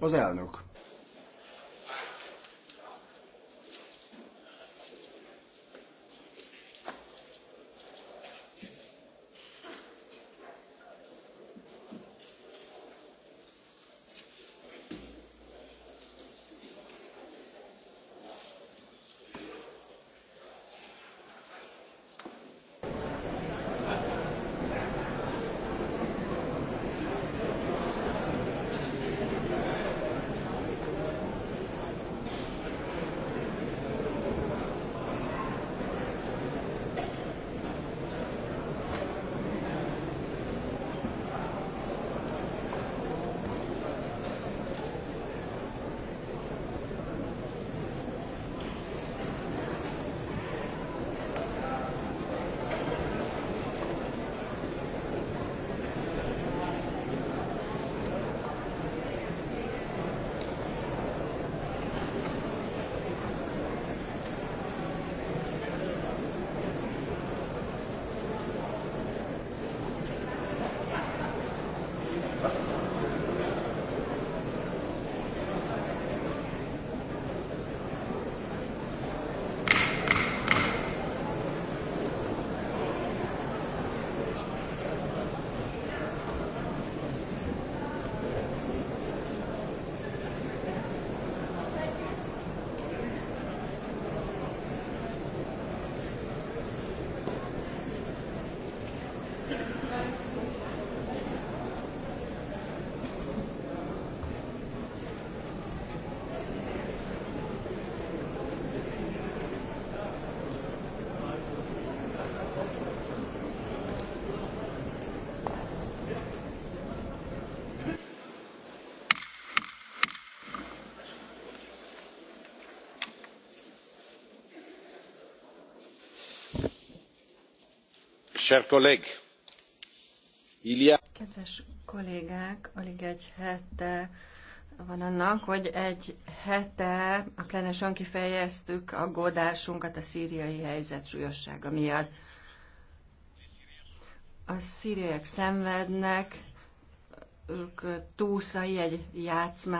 Az elnök. Kedves kollégák, alig egy hete van annak, hogy egy hete a plenesen kifejeztük aggódásunkat a szíriai helyzet súlyossága miatt. A szíriek szenvednek, ők túszai egy játszmát.